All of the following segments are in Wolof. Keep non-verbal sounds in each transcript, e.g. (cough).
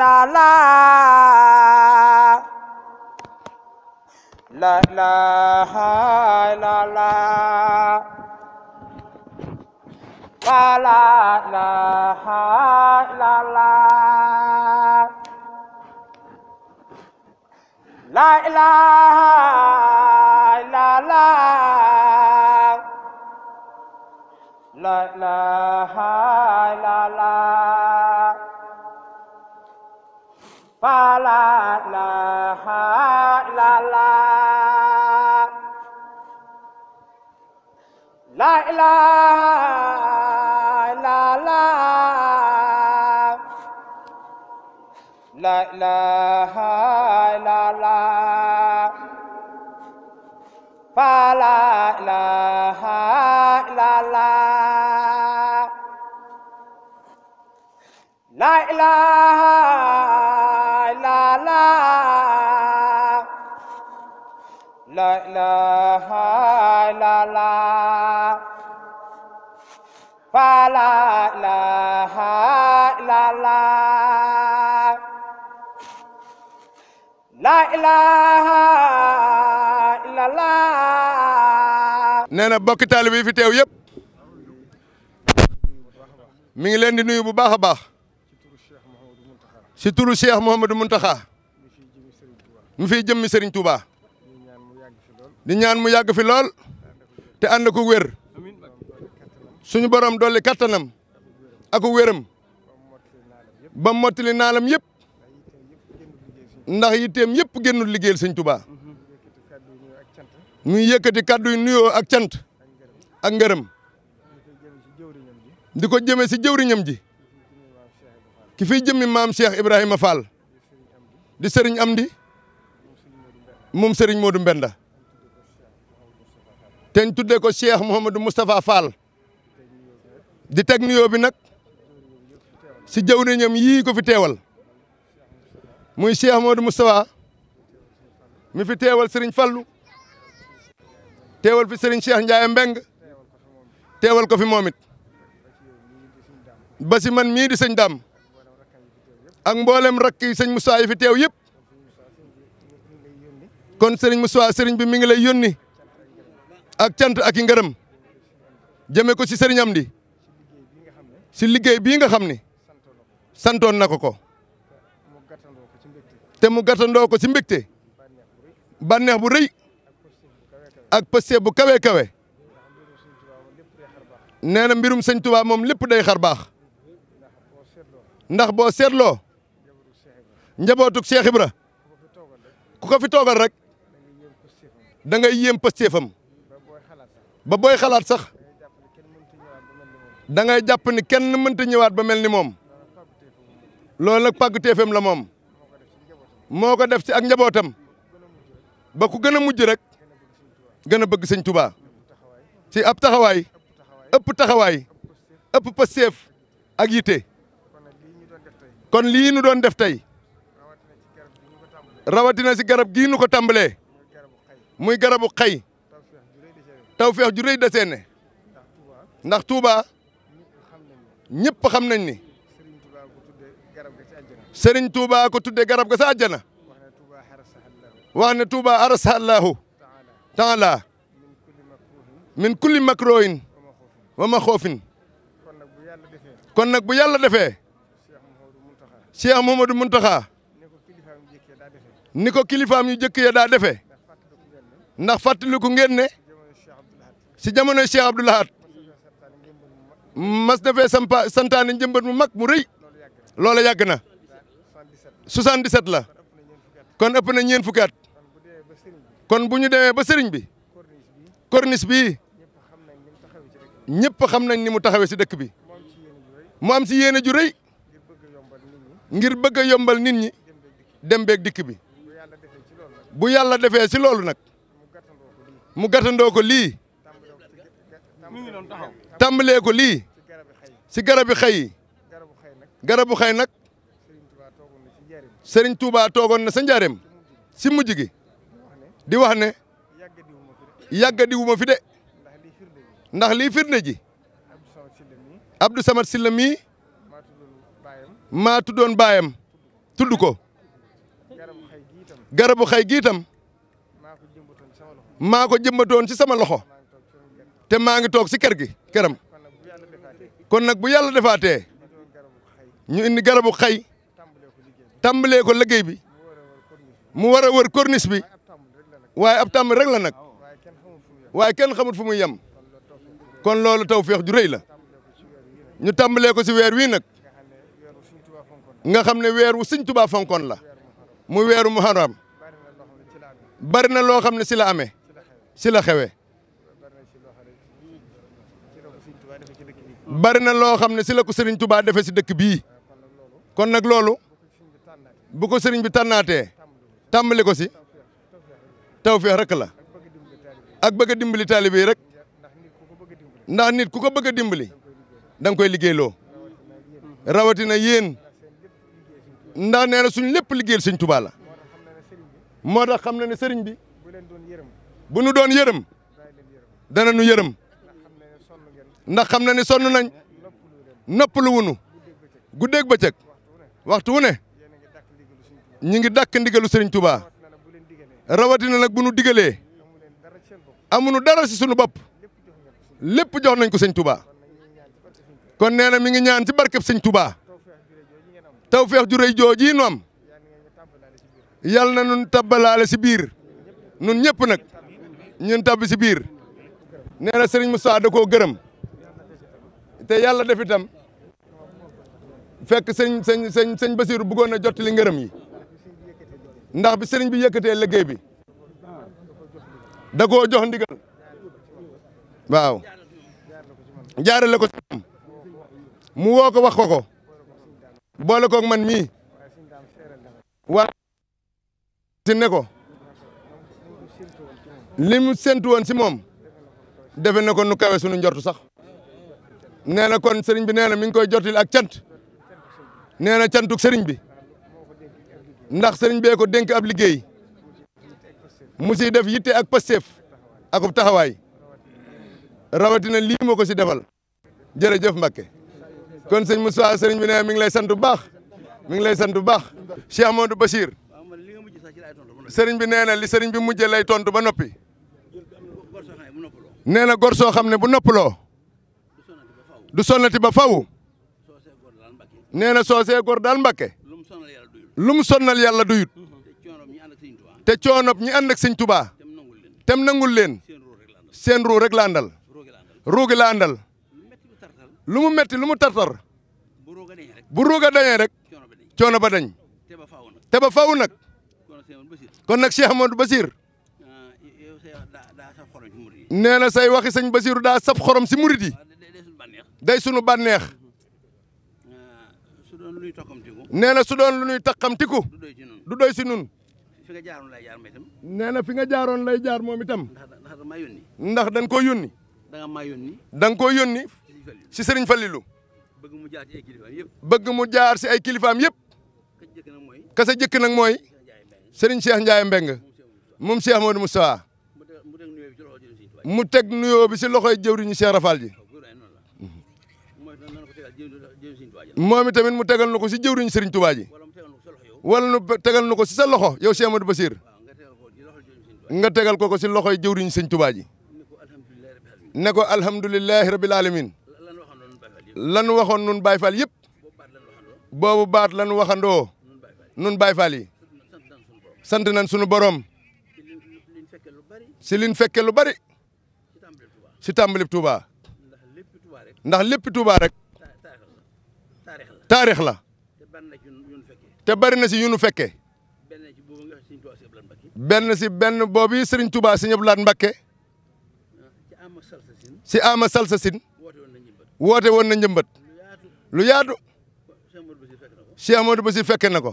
la la la la la la la ilaha illallah la ilaha illallah fa la ilaha illallah la ilaha illallah nee na bokk taalibe yi fi teew yëpp mi ngi leen di nuyu bu baax a baax si turu Cheikh Mouhamadou Mountakha mu fiy jëmmi Serigne Touba di ñaan mu yàgg fi lool te ànd ko wér suñu borom dolli kattanam ak wéram ba mottali naalam yëpp ndax yitteem yëpp génnul liggéeyal Serigne Touba mu yëkkati kàddu nuyoo ak cant ak ngërëm di ko jëmee si jëwriñam ji ki fiy jëmmi maam Cheikh Ibrahima Fall di sëriñ am di moom sëriñ Modou Mbenda te tuddee ko Cheikh Mouhamadou Moustapha Fall di teg bi nag si jawriñam yii ko fi teewal muy Cheikh Mouhamadou Moustapha mi fi teewal sëriñ Fallu teewal fi sëriñ Cheikh Ndiaye Mbeng teewal ko fi moomit basi man mii di sëñ Dame ak mboolem rakk yi sëñ Moussa yi teew yëpp kon sëriñ Moussa sëriñ bi mi ngi lay yónni ak cant ak i ngërëm jëme ko ci sëriñ Amdi ci liggéey bii nga xam ni santoon na ko ko te mu gatandoo ko ci mbégte bànneex bu rëy ak pëste bu kawe kawe nee na mbirum sëñ Tuubaa moom lépp day xar baax ndax boo seetloo njabootug Cheikh ku ko fi toogal rek da ngay yéem pastéefam ba booy xalaat sax da ngay jàpp ni kenn mënta ñëwaat ba mel ni moom loolu na pàgg téefam la moom moo ko def ci ak njabootam ba ku gën a mujj rek gën a bëgg sëñ Touba ci ab taxawaay ëpp taxawaay ëpp pastéef ak yite kon lii ñu doon def tey rawatina si garab gii nu ko tàmbalee muy garabu xay tawfeex ju rëy da seen ne ndax Touba ñëpp xam nañ ni Serigne Touba ko tuddee garab ga sa àjjana wax ne Touba arasa allahu taala min kulli makrohin wa ma kon nag bu yàlla defee Cheikh Mouhamadou Mountakha ni ko kilifaam yu njëkk ya daa defee ndax ku ngeen ne si jamono Cheikh Abdou Lahad mas na fee santaane njëmbat mu mag mu rëy loola yàgg na 77 la kon ëpp na ñeen fukki at kon bu ñu demee ba sëriñ bi corniche bii ñëpp xam nañ ni mu taxawee si dëkk bi mu am si yéene ju rëy ngir bëgg yombal nit ñi dem beeg dikk bi bu yàlla defee si loolu nag mu gàttandoo ko lii tàmbalee ko lii si garabi xëy yi garabu xëy nag Serigne Touba toogoon na sa njaareem si mujj gi di wax ne yàggadi wu fi de ndax lii firnde ji Abdou Samad Sylla mii maa tuddoon baayam tudd ko garabu xay gi itam maa ko jëmbatoon si sama loxo te maa ngi toog si kër gi këram kon nag bu yàlla defaatee ñu indi garabu xay tàmbalee ko liggéey bi mu war a wër korniis bi waaye ab tàmb rek la nag waaye kenn xamut fu muy yem kon loolu taw tawféex ju rëy la ñu tàmbalee ko si weer wii nag nga xam ne weer wu Sëñ Tuubaa fonkoon la mu weeru muharram bari na loo xam ne si la amee si la xewee bari na loo xam ne si la ko sëriñ Touba defee si dëkk bii kon nag loolu bu ko sëriñ bi tànnaatee tàmbali ko si tawfeex rek la ak bëgg a dimbali taalibe rek ndax nit ku ko bëgg a dimbali da nga koy liggéeyloo rawatina yéen. ndax nee na suñ lépp liggéeyal sëñ Tuubaa la moo tax xam na ne sëriñ bi bu nu doon yërëm dana nu yërëm ndax xam na ne sonn nañ noppalu wunu guddeeg bëccëg waxtu wu ne ñi ngi dàkk ndigalu tubaa Tuubaa rawatina nag bu nu digalee amuñu dara si suñu bopp lépp jox nañ ko sëñ Tuubaa kon nee mi ngi ñaan ci barkeb sëñ Tuubaa tawfeex ju rëy jooji nu yal na nun tabbalaale si biir nun ñëpp nag ñun tabb si biir nee na sëriñ Moussa da koo gërëm te yàlla def itam fekk sëñ sëñ sëñ sëñ Basiiru bëggoon a jottali ngërëm yi ndax bi sëriñ bi yëkkatee liggéey bi da koo jox ndigal waaw jaarale ko ci mu woo ko wax ko ko boole koog man mii wa si ne ko li mu woon si moom defe na ko nu kawe sunu njortu sax nee na kon sëriñ bi nee na mi ngi koy jotil ak cant nee na cantuk sëriñ bi ndax sëriñ bee ko denk ab liggéey mu siy def yitte ak pasteef akub taxawaay rawatina lii ma ko si defal jërëjëf Mbacke kon sëñ Moussa seriñ bi ne mi ngi lay sant bu baax mi ngi lay sant bu baax Cheikh Amadou Bachir sëriñ bi nee na li sëriñ bi mujjee lay tontu ba noppi nee na gor soo xam ne bu noppaloo du sonnati ba faw nee na soosee gor daal Mbàkke lu mu sonnal yàlla duyut te coonob ñi ànd ak sëñ Tubaa tem nangul leen seen ruu rek la àndal ruugi la àndal lu mu metti lu mu tartar bu ruug a dañee rek coono ba dañ te ba faw nag kon nag Cheikh Amadou Basir ah, nee na say waxi ba Basiru daa saf xorom si murit yi ah, day sunu bànneex ah, nee na su doon lu ñuy takkamtiku du doy si nun nee na fi nga jaaroon lay jaar moom itam ndax dañ ko yónni da nga koo si sëriñ Falilou bëgg mu jaar si ay kilifaam yëpp. mu jaar si ay kilifaam yëpp. kasa jëkk nag mooy sëriñ Cheikh Ndiaye Mbeng moom Cheikh Modou Moustapha mu mu teg nuyoo bi si loxo loxoy jëwriñu Cheikh Rafal ji moom itamit mu tegal na ko si jëwriñu Serigne Touba ji wala nu tegal na ko si sa loxo yow Cheikh Basir nga tegal ko ko si loxoy jëwriñu Serigne Touba ji ne ko alhamdulilahi rabil alamin lanu waxoon nun Baye Fall yëpp boobu baat lanu waxandoo nun Baye Fall yi sant nañ sunu borom si liñ fekke lu bari si tàmbalib Touba ndax lépp Touba rek taarix la te bari na si yu nu fekke benn si benn boobu Serigne Touba si ñëpp laat Mbakke si ama salsa sin woote woon na njëmbat lu yaatu Cheikh Amadou Bassir ko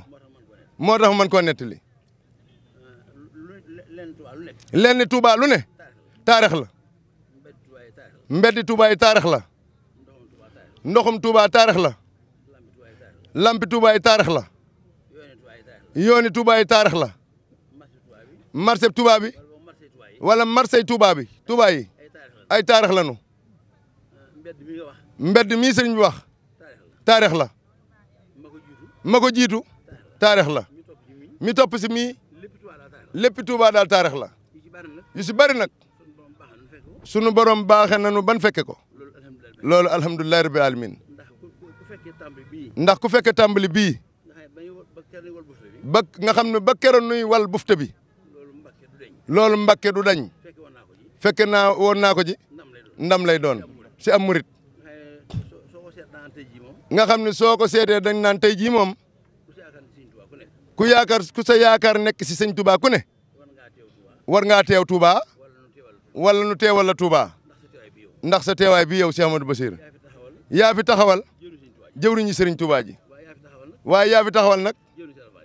moo tax man koo nettali lenn Touba lu ne taarix la mbeddi Touba taarix la ndoxum Touba taarix la lampi Touba taarix la yooni Touba yi taarix la marché Touba bi wala marché Touba bi Touba yi ay taarix nu mbedd mi nga wax. mbedd mii taarix la. ma ko jiitu. taarix la. mi topp si mii. lépp Tuubaa daal taarix la. yu si bari nag. sunu borom baaxe nanu ban fekke ko. loolu alhamdulilah rabbil alamin ndax ku fekkee tàmbali bii. ba nga xam ne ba keroon nuy wal bufte bi. loolu mbakke du dañ. fekke naa woon naa ko ji. ndam lay doon. si am murit nga xam ne soo ko seetee dañ naan tey jii moom ku yaakaar ku sa yaakaar nekk si sëñ Touba ku ne war ngaa teew Touba wala nu teewal la Touba ndax sa teewaay bi yow si Amadou Bassir yaa fi taxawal jëwriñu sëriñ Touba ji waaye yaa fi taxawal nag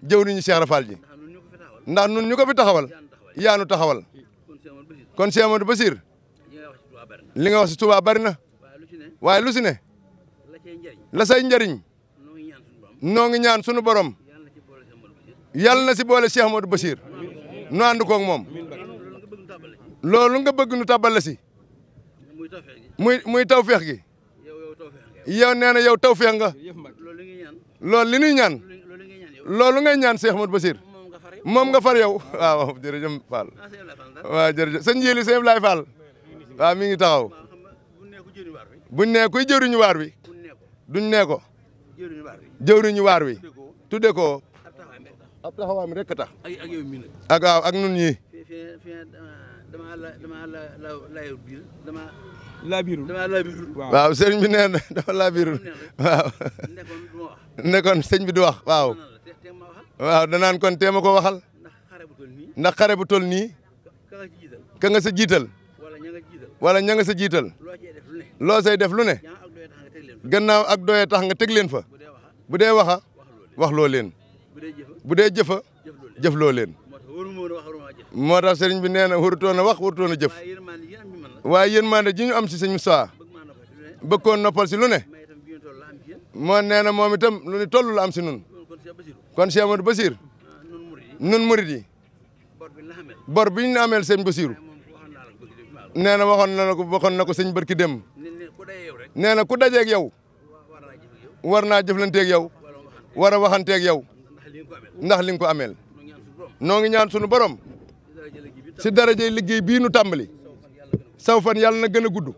jëwriñu Cheikh Rafal ji ndax nun ñu ko fi taxawal yaanu taxawal kon si Amadou Bassir li nga wax si Touba bari na waaye lu si ne la say njëriñ noo ngi ñaan sunu borom yàlla na si boole Cheikh Modou Bachir nu ànd koog moom loolu nga bëgg nu tabal la si muy muy tawféex gi yow nee na yow tawféex nga loolu li ñuy ñaan loolu ngay ñaan Cheikh Modou Bachir moom nga far yow (laughs) waaw jërëjëf Fall ah, waaw jërëjëf sëñ Jili waaw mi ngi taxaw buñ ne kuy waar wi duñ ne ko waar wi tudde ko ab taxawaam rek tax ak nun ñi dama la dama la biir dama laabiirul dama waaw sëriñ bi nee na dama laabiirul waaw nekkoon sëñ bi du waaw waaw danaan kon teema ko waxal ndax xare bu tol nii ka nga jiital wala ña nga sa jiital loo say def lu ne gannaaw ak doye tax nga teg leen fa bu dee waxa wax loo leen bu dee jëfa jëf loo leen moo tax sëriñ bi nee na warutoon a wax warutoon a jëf waaye yërmande ji ñu am si sëñ Moussa bëggoon noppal si lu ne moo nee na moom itam lu ne toll am si nun kon si Amadou Basir nun murid yi bor bi ñu ameel sëñ Basiru nee na waxoon na ko waxoon na ko sëñ barki dem nee na ku dajeeg yow war naa jëflanteeg yow war a waxanteeg yow ndax li nga ko ameel noo ngi ñaan sunu borom si daraje liggéey bii nu tàmbali saw fan yàlla na gën a gudd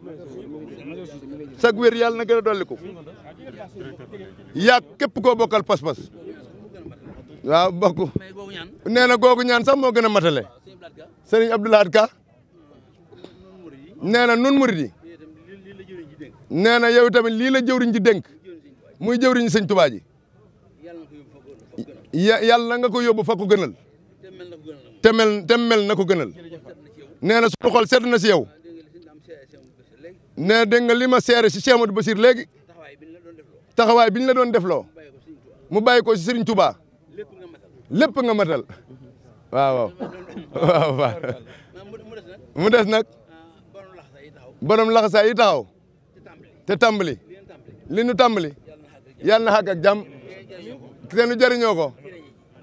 sag wér yàlla na gën a dolliku yàgg képp koo bokkal pas-pas waaw bokk nee na googu ñaan sax moo gën a matale sëriñ Abdoulaye Ka nee na nun murid yi nee na yow tamit lii la jëwriñ ji denk muy jëwriñ sëñ Tuubaa ji na nga ko yóbbu fa ko gënal te na ko gënal nee na suñu sedd na si yow nee na nga li ma seere si Cheikh Amadou Bassir léegi taxawaay biñ la doon defloo mu bàyyi ko si Serigne tubaa lépp nga matal waaw waaw (laughs) (laughs) mu des nag borom laxasaay yi taxaw te tàmbali li nu tàmbali yàlla na xàgg ak te nu jëriñoo ko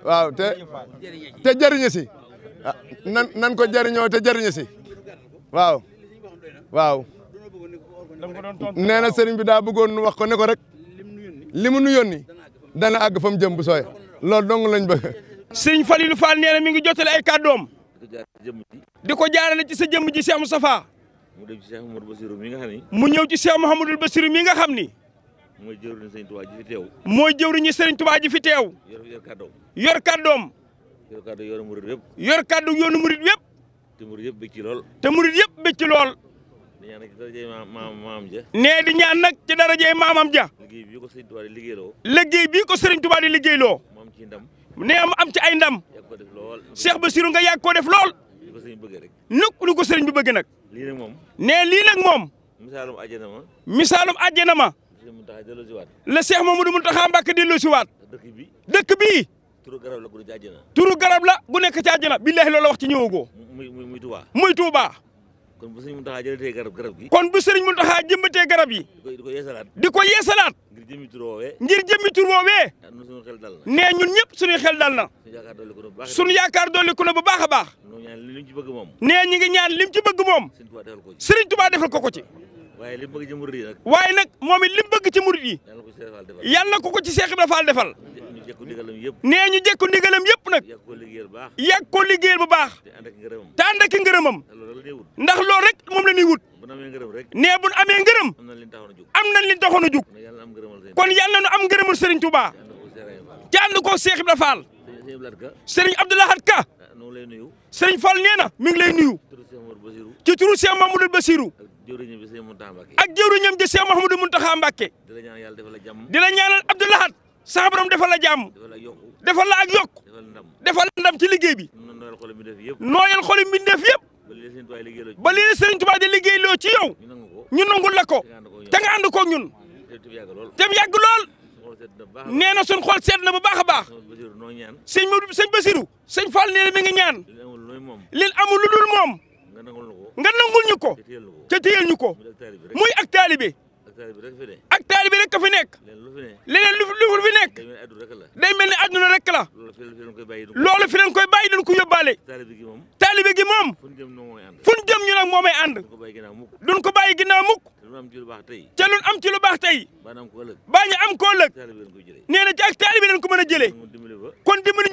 waaw te te jëriñu ah, nan ko jëriñoo te jëriñu si waaw waaw nee na sëriñ bi daa bëggoon wax ko ne ko rek li mu nu yónni dana àgg fa mu jëm bu lool loolu dong lañ bëgg fa Falilou Fall nee na mi ngi jottale ay kàddoom di ko jaarale ci sa jëmm ji Cheikh Moustapha mu dem ci Cheikh mi nga xam ni. mu ñëw ci Cheikh Mouhamadou mi nga xam ni. mooy jëwriñu Serigne Touba ji fi teew. mooy jëwriñu Serigne Touba ji fi teew. yor kàddoom. yor kàddoom. yor kàddu yor kaddu yoonu murid yëpp. te murid yëpp bëgg ci lool. te mu yëpp bëgg ci lool. nee di ñaan nag ci darajey maamam ja. liggéey bii ko Serigne Touba di liggéeyloo. liggéey bii ko Serigne Touba di liggéeyloo. mu am ci ndam. nee mu am ci ay ndam. yàgg ko def lool. Cheikh Bassirou nga yàgg koo def lool. ni ko Serigne bi bëgg nag liina nag moom. nee lii nag moom. misaalum àjjana ma. misaalum àjjana ma. la Cheikh Mamadou Mountakha Mbacké waat dëkk bi dëkk bi. turu garab la gu nekk ci garab la gu nekk ci àjjana billaahi loolu la wax ci ñëwagoo. muy muy muy Touba. muy Touba. kon bu sëriñ Mountakha jëmbatee garab garab yi. di ko di ko yeesalaat. di ko yeesalaat. ngir jëmmi tur woowee. ngir jëmmi tur woowee. nee ñun ñëpp suñuy xel dal na. suñu dolli ko na baax a baax. nee ñi ngi ñaan lim ci bëgg moom. sëriñ Tuubaa defal ko ko waaye li waaye nag moom it li mu bëgg ci murid ko ko ci Seex Ibra Faal defal. yëpp. nee ñu jékku ndigalam yëpp nag. yàgg ko liggéeyal bu baax. yàgg ko liggéeyal bu baax. te ànd ak ngërëmam. te ndax loolu rek moom la ñuy wut. nee bu nu amee ngërëm. am nañ li ñu taxoon a jug. kon yàlla na nu am ngërëmul Serigne Touba. te ànd ko Seex Ibra Faal. Serigne Abdou Lahad Ka. Ah, Serigne Fall nee na mi ngi lay nuyu. ci turu Seex Mamadou Bassirou jëwriñam bi ak jëwriñam ji Cheikh Mouhamadou Mountakha Mbacké di la ñaanal yàlla defal la jàmm di la ñaanal Abdou Lahad sa borom defal la ak yokk defal ndam ci liggéey bi nooyal xolam bi def yëpp nooyal xolam ba lii Sëriñ liggéey loo ci yow ñu nangul la ko te nga ànd ko ñun te mu yàgg lool nee na suñ xol seet na bu baax a baax sëñ Basiru sëñ Fall nee mi ngi ñaan lin amul lu dul moom nga nangul ñu ko ca téyel ñu ko muy ak taalibe ak taalibe rek ka fi nekk leneen lu lu fi nekk day mel ni àdduna rek la loolu fi leen koy bàyyi duñ taalibe gi moom fu ñu jëm ñu nag moomay ànd duñ ko bàyyi ginnaaw mukk ca lu am ci lu baax tey baa am ko ëllëg nee ak taalibe lañ ko mën a jëlee kon dimbali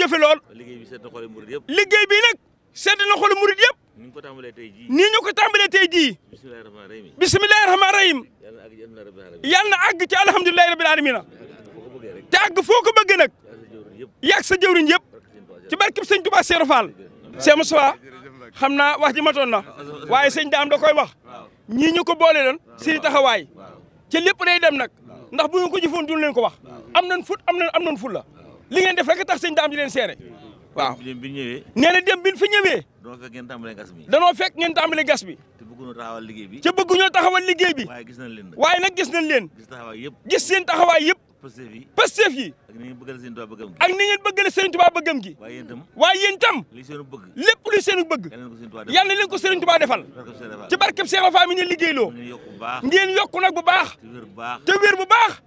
jëfe lool. liggéey bi seet na xooli murid yëpp. liggéey bi nag seet na xooli murid yëpp. ni ñu ko tàmbalee tey jii. ni ñu ko tàmbalee tey jii. bisimilahi rahmaani rahim. bisimilahi rahmaani rahim. yàlla na àgg ci alhamdulilahi rabbil aalamiina. te àgg foo ko bëggee nag. yàgg sa jëwriñ yëpp. ci barkeb sëñ Tuubaa Seeru Faal. ma Mustafaa xam naa wax ji matoon na waaye sëñ daam da koy wax. ñii ñu ko boole doon seen taxawaay. ci lépp day dem nag ndax bu ñu ko jëfoon duñ leen ko wax am nañ fut am nañ am na fut la li ngeen def rek tax sëñ daam leen seere waaw nee dem bi ñu fi ñëwee. danoo fekk ngeen tàmbalee gas bi. danoo fekk ngeen tàmbalee gas bi. te bëgguñoo taxawal liggéey bi. liggéey bi. waaye gis nañ leen nag. waaye nag gis nañ leen. gis taxawaay yëpp. gis seen taxawaay yëpp. Pastef yi Pastef yi. ak ni ngeen bëggale Serigne Touba bëggam gi. ak ni ngeen bëggale Serigne gi. waaye yéen tam. waaye li seenu bëgg. lépp li leen ko Serigne Touba defal. ci barkeb Serigne Touba mi ngeen liggéeyloo. ngeen yokk nag bu baax. te wér bu baax.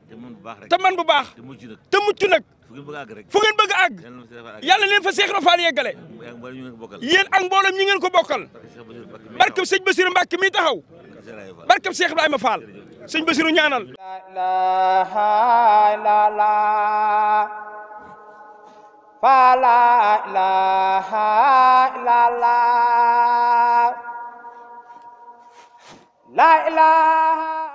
te man bu baax. te mucc nag. fu ngeen bëgg àgg rek fu ngeen bëgg àgg yàlla leen fa Seex Ibra Faal yeggale yéen ak mboolem ñi ko bokkal barkeb sëñ Basiru Mbàkke mi taxaw barkeb Seex Ibrahima Faal sëñ ñaanal la ilaha la